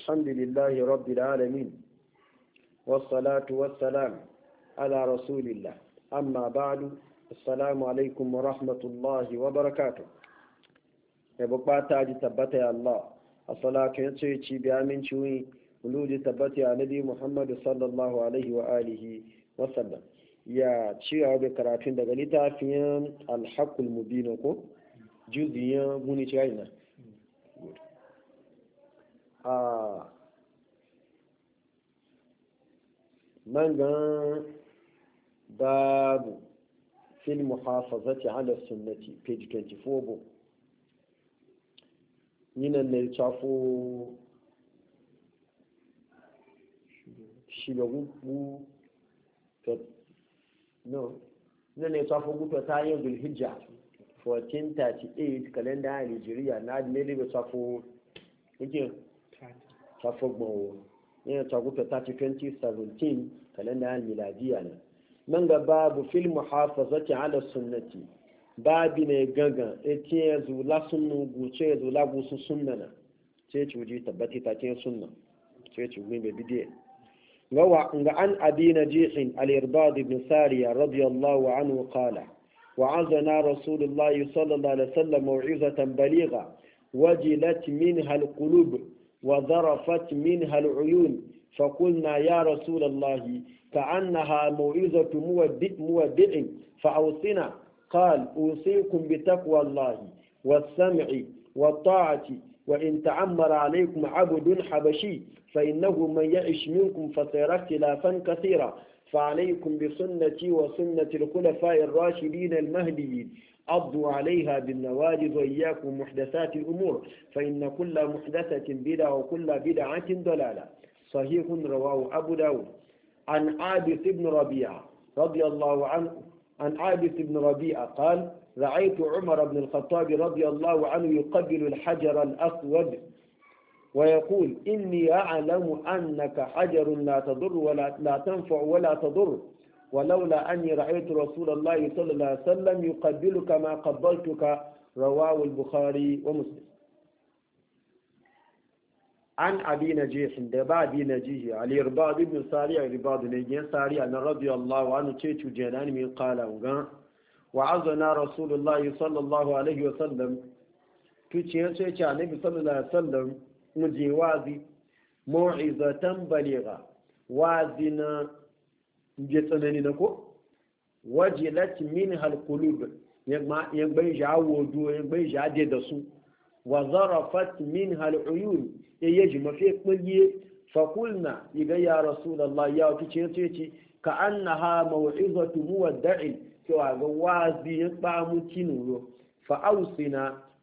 الحمد لله رب العالمين والصلاة والسلام على رسول الله أما بعد السلام عليكم ورحمة الله وبركاته ji tabbata Allah, a salatu ya ce ci biya min ciwoyi, lu ji tabbata ya nabi Muhammadu sallallahu Alaihi wa wa sallam. Ya ci yawo karatun daga littafin alhakul mubinu ko, jirgin ya muni ci hainar. mangan babu fil muhafazati ala sunnati page 24 bo yinan ne tafo ta no yinan ne tafo gugu ta yin zulhijja 1438 kalenda nigeria na ne adilele tafo yake tafogbawo yana takuta 2017 kalenda miladiya ne nan ga babu fil muhafazati ala sunnati babi ne gaga eti ya zula sunnu guce ya zula sunna na ce ci wuji tabbati ta ke sunna ce ci wuji gawa ga an abi na jihin al-irbad ibn sariya radiyallahu anhu qala وذرفت منها العيون فقلنا يا رسول الله كأنها موعظة مودع فأوصنا قال أوصيكم بتقوى الله والسمع والطاعة وإن تعمر عليكم عبد حبشي فإنه من يعش منكم فسيرى اختلافا كثيرا فعليكم بسنتي وسنة الخلفاء الراشدين المهديين عضوا عليها بالنواجذ وإياكم محدثات الأمور فإن كل محدثة بدعة وكل بدعة ضلالة صحيح رواه أبو داود عن عابس بن ربيعة رضي الله عنه عن عابس بن ربيعة قال رأيت عمر بن الخطاب رضي الله عنه يقبل الحجر الأسود ويقول إني أعلم أنك حجر لا تضر ولا لا تنفع ولا تضر ولولا أني رأيت رسول الله صلى الله عليه وسلم يقبلك ما قبلتك رواه البخاري ومسلم عن أبي نجيح دبا أبي نجيح علي رباض بن ساري رباض نجيح ساري أن رضي الله عنه تيتو جنان من قال وعظنا رسول الله صلى الله عليه وسلم كتير سيتي النبي صلى الله عليه وسلم مجي واضي موعظة بليغة واذنا je tsanani na ko wajilat min halqulub yagma yagban jawo do yagban jade da su wa zarafat min haluyun yaji mafi kulli fakulna iga ya rasulullah ya kice ce ka annaha maw'izatu muwadda'i cewa ga wazi ya ba kinuro fa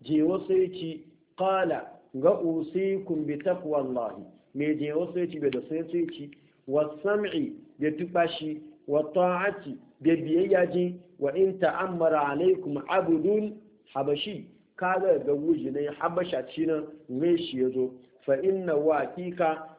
je wasu ci qala ga usikum bi taqwallahi me je wasu ci be da sai ci wa sam'i da tufashi wa ta'ati da biyayya ji wa in ta'ammara alaikum abudun habashi kaga ga wuji ne habasha ci nan me shi yazo fa inna wa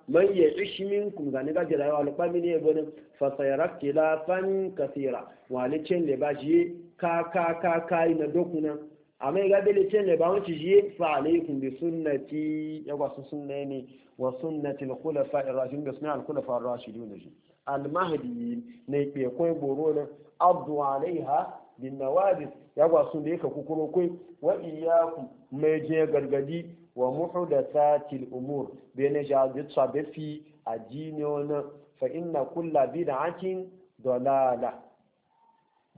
man ya'ish minkum ga ne ga jira wa alqami ne bonin fa sayara fan kathira wa le chen le ba ji ka ka ka kai na dokuna amma ga bele chen le ba ci ji fa alaikum bi sunnati ya wa sunnani wa sunnati al khulafa ar rashidun bi sunnati al khulafa ar rashidun ji almahdi ne ke koi boro na abdu alaiha bin nawadis ya gwa sun da yake kukuro koi wa iyyakum mai je gargadi wa muhdathatil umur bene ja jitsa be fi ajini ona fa inna kulla bid'atin dalala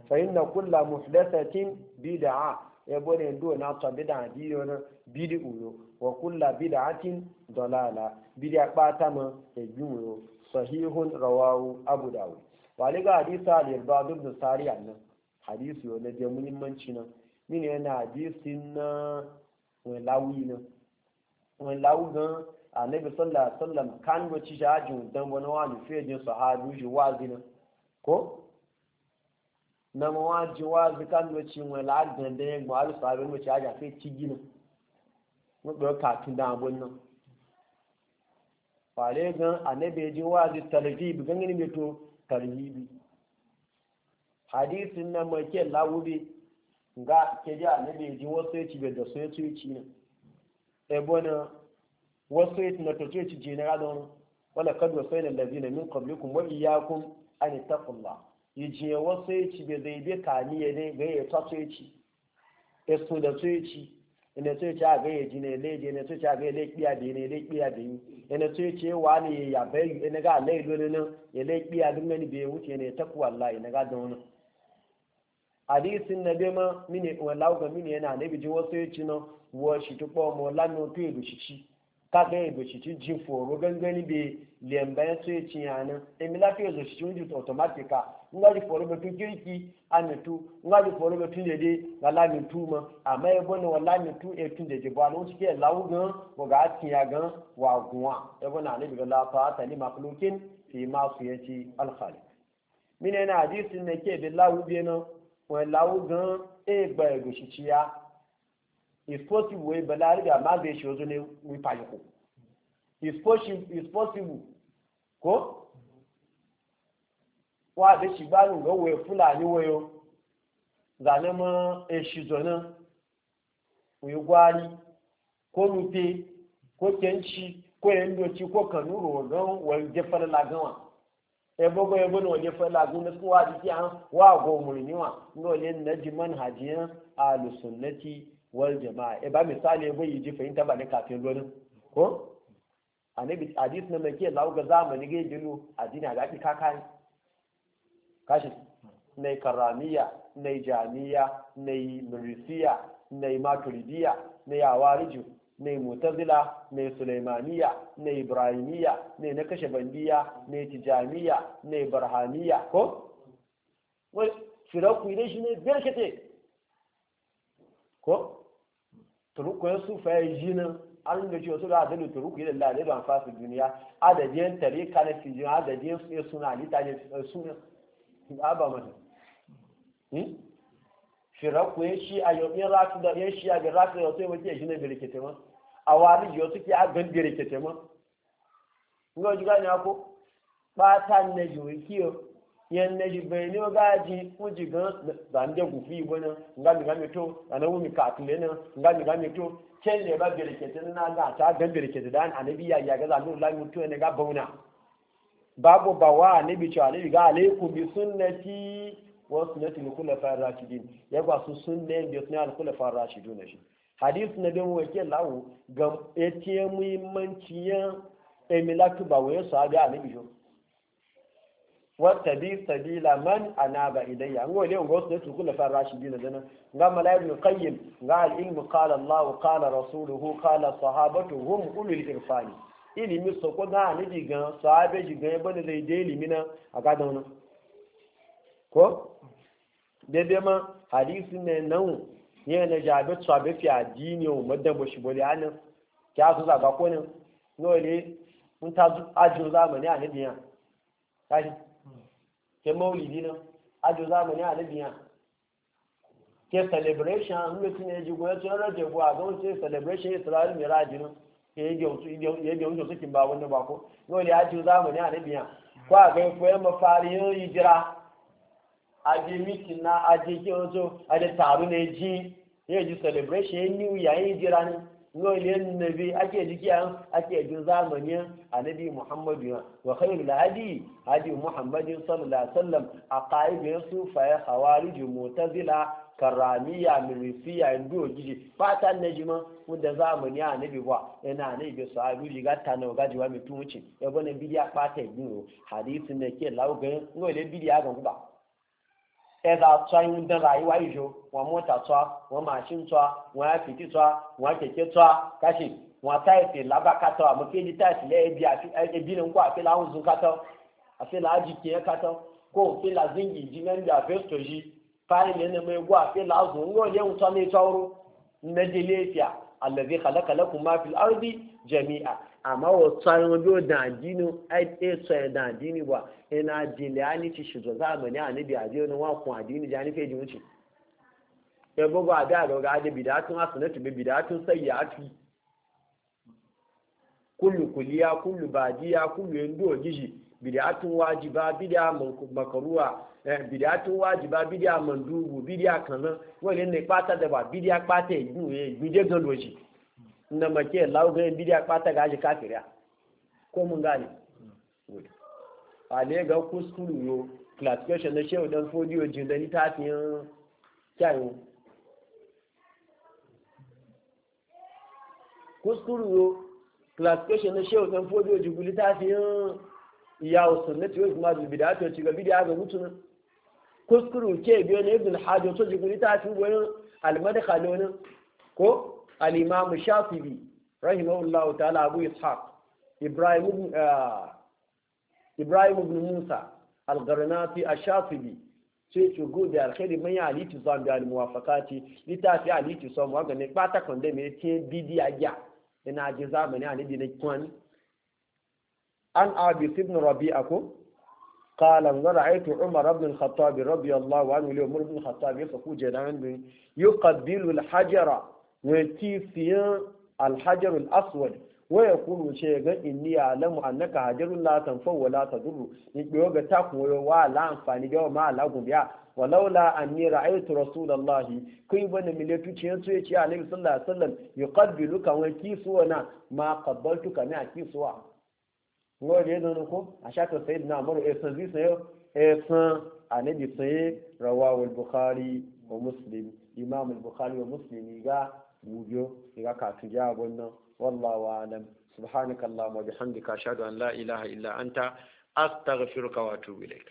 fa inna kulla muhdathatin bid'a ya e bone ndo na ta bid'a wani ona bid'u wa kulla bid'atin dalala bid'a pata ma e gbun sahihun rawawu abu dawud wani ga hadisa alirba duk da tsari a nan hadisi wani da muhimmanci nan mini yana hadisin na wani nan wani lawu gan annabi sallallahu alaihi wasallam kan go ci jaju dan wani wani fiye sahabi ji wazi nan ko na mawaji wazi kan go wani ladan da ya gwa sahabi mu ci aja fiye ci gina mu ɗauka tun da abun nan fare gan annabi ji wazi tarhibi gangani mai to tarhibi hadisin na ke lawubi ga ke ji annabi ji wasu ya ci bai da su ya ci ci ne ebo na wasu ya ci na toce ci ji na radon wala kad wasu ya lalazi na min qablikum wa iyyakum an taqullah yi je wasu ya ci bai zai bai kaniye ne ga ya ta so ya ci esu da so ci ina so ce aga yaji ne le je ne so ce aga le kiya bi ne le kiya bi ina so ce wa ne ya bai ina ga le e lo ne ya le kiya dun e ne be wuce ne takwa wallahi ina ga hadisin na dema mini wala ga mini yana ne bi ji wasu ya ci no wo shi tukpo mo lanu tu edu shi kaga ya doshi ci jin foro gangani bai lemba ya so ya ci yana emi lafi ya doshi ci wani automatika nga di foro betun kirki amitu nga di foro betun dede ga lamin tuma amma ya bane wa lamin tu e tun dede ba nan suke lawu gan ko ga atin ya gan wa guwa ya e bane ne daga lafa ta ni makhlukin fi ma su ya ci alkhali mine na hadisin ne ke bi lawu bi na wa lawu gan e gba ya doshi ci ya is possible wey balariga ma zai shi wazo ne wifa yi ko is possible ko wa da shi ba nun ga waye fulani wayo zane ma eshi zonan uyi gwari ko nufe ko kenci ko yandoci ko kanuru wagan wani jefar lagawa ebe ko ebe na wani fela gune ko wa jiki an wa go murniwa ngo le naji manhajiyan alusunnati wal jama'a e ba misali bai ji fahimta ba ne kafin lonin ko annabi hadis na mai ke lauga zamani ga jilu addini ga ka kakai kashi nai karamiya nai jamiya nai murisiya nai maturidiya nai awariju nai mutazila nai sulaimaniya nai ibrahimiya nai na kashe bandiya nai tijamiya nai barhaniya ko wai shirakuyi ne shi ne birkete ko turuku su fa ya ji an da cewa su ga adalu da an duniya adadin na adadin su ya suna lita ne eh, suna aba mata firaku hmm? ya shi a yau in rasu da yan shi a ga rasu da sai shi birkete ma a wani suke a gan birkete ma ji gani ba ta kiyo yan na ji bai ne ga ji ku ji ga zan da gufi bana nga mi ga mi to ana wu mi ka tule na nga mi ga to ken le ba berketin na ga ta ga berketin dan anabi ya ya ga zan lai mu to e ne ga bauna babu bawa bi cha annabi ga alaikum bi sunnati wa sunnati al-khulafa ar-rashidin ya ga su sunne bi sunnati al-khulafa ar-rashidun shi hadith na mu wakil lawo ga etiye muhimmanciyan emilatu ba waye sahabi bi shi wata bi sabila man anaba ilayya ngo le ngo so tu kula far rashidina dana nga mala'iku ibn qayyim nga al ilm qala allah qala rasuluhu qala sahabatuhum ulul irfani ilimi so ko ga ni diga sahabe ji ga bane dai dai ilimina aga da wannan ko dede ma hadisi ne nan ne na jabe tsabe fi adini o madan bo shi bole anan kya so za ba ko ne no le mun ta ajin zamani a ne biya kashi ke maulidi nan ajo zamani a biya, ke celebration mutum ya ji goya tun rage goya ga wasu celebration israel miraji nan ke yi gyamsu sukin ba wani bako dole ajo zamani a biya, ko a ga koyar mafari yin hijira aje mitin na aje a aje taru na ji ya ji celebration ya yi new hijira ne nolin nabi ake jikiya ake jin zamanin annabi muhammadu wa khairu hadi hadi muhammadin sallallahu alaihi wasallam aqaibin sufaya khawarij mu'tazila karamiya mirisiya indu ogiji fatan najima wanda zamani annabi ba yana annabi sahabi riga tana gaji wa mutunci ya bane bidiya fata gino hadisin ne ke lauga ngole bidiya ga kuma ẹza tọ́ yín dẹ́ra ayé wáyé yó wọn mọ́tà tọ́ wọn màṣín tọ́ wọn àfìtì tọ́ wọn keke tọ́ káṣí wọn táìsì lábàkátọ́ àmọ́ kéde táìsì lẹ́ẹ̀bi ẹbí ni nkọ́ àfẹ́lá ń zun kátọ́ àfẹ́lá ájì kìí ko kó òfẹ́lá zingi jí mẹ́rin àfẹ́sọ̀ yìí fáyín ní ẹnìmọ̀ egó àfẹ́lá zun ń yọ̀nyẹ́ ń tọ́ ní tọ́rú nnẹ́dẹ́lẹ́fìà alẹ́bí kàlẹ́kàlẹ́kùn máa fi amma wa tsayin wajen da addini ai tsaye eh, tsaye da addini ba ina jini ya nici shi zo zamani a nabi a jiyonin wakon addini ja ni feji wuce ya bugu a da ga da bidatun asinatu bi bidatun sayyatu kullu kuliya kullu badiya kullu yando gishi bidatun wajiba bidiya makaruwa eh, bidatun wajiba bidiya mandubu bidiya kanan wani ne kpata da ba bidiya kpata ya eh, gbe gan doji na make laugayen bidiya ɓata gashi kafiriya ko mun gane a ne ga kuskuru yo classification na shehu dan fodiyo jindani ta yin kyayo kuskuru yo classification na shehu dan fodiyo jiguli ta fiye iyawo sunnati wai kuma zubi da ake ci ga bidiya ga mutu kuskuru ke biyo na ibn hajjo to jiguli ta fi wani almadaka ne wani ko al-imam shafi'i rahimahullahu ta'ala abu ishaq ibrahim ibn ibrahim ibn musa al-garnati ash-shafi'i sai to go da alkhairi man ya ali tuzam da al-muwafaqati litafi ali tuzam wa ganin pata konde me tin bidi aja ina ji zamani ali din kwan an abi ibn rabi'a ko قال رأيت عمر بن الخطاب رضي الله عنه لعمر بن الخطاب يفقو جدعان يقبل الحجر wati siyan alhajarul aswad waya kunu ce ga inni alamu annaka hajarul la tanfa wa la tadurru ni biyo ga ta koyo wa la amfani ga ma la gubiya walaula anni ra'aytu rasulallahi kai عليه milatu ce yanzu yace annabi ما alaihi wasallam yuqabbiluka wa kisuwana ma qabbaltuka ni akisuwa ngode yadon ko ashaka sayyidina amru esan zi sayo rawahu al-bukhari wa muslim imam bukhari wa muslim ga gubiyo ga katun jawabon nan wallawa alam subhanakallahumma bihamdika ashhadu an la ilaha illa anta astaghfiruka wa atubu ilaik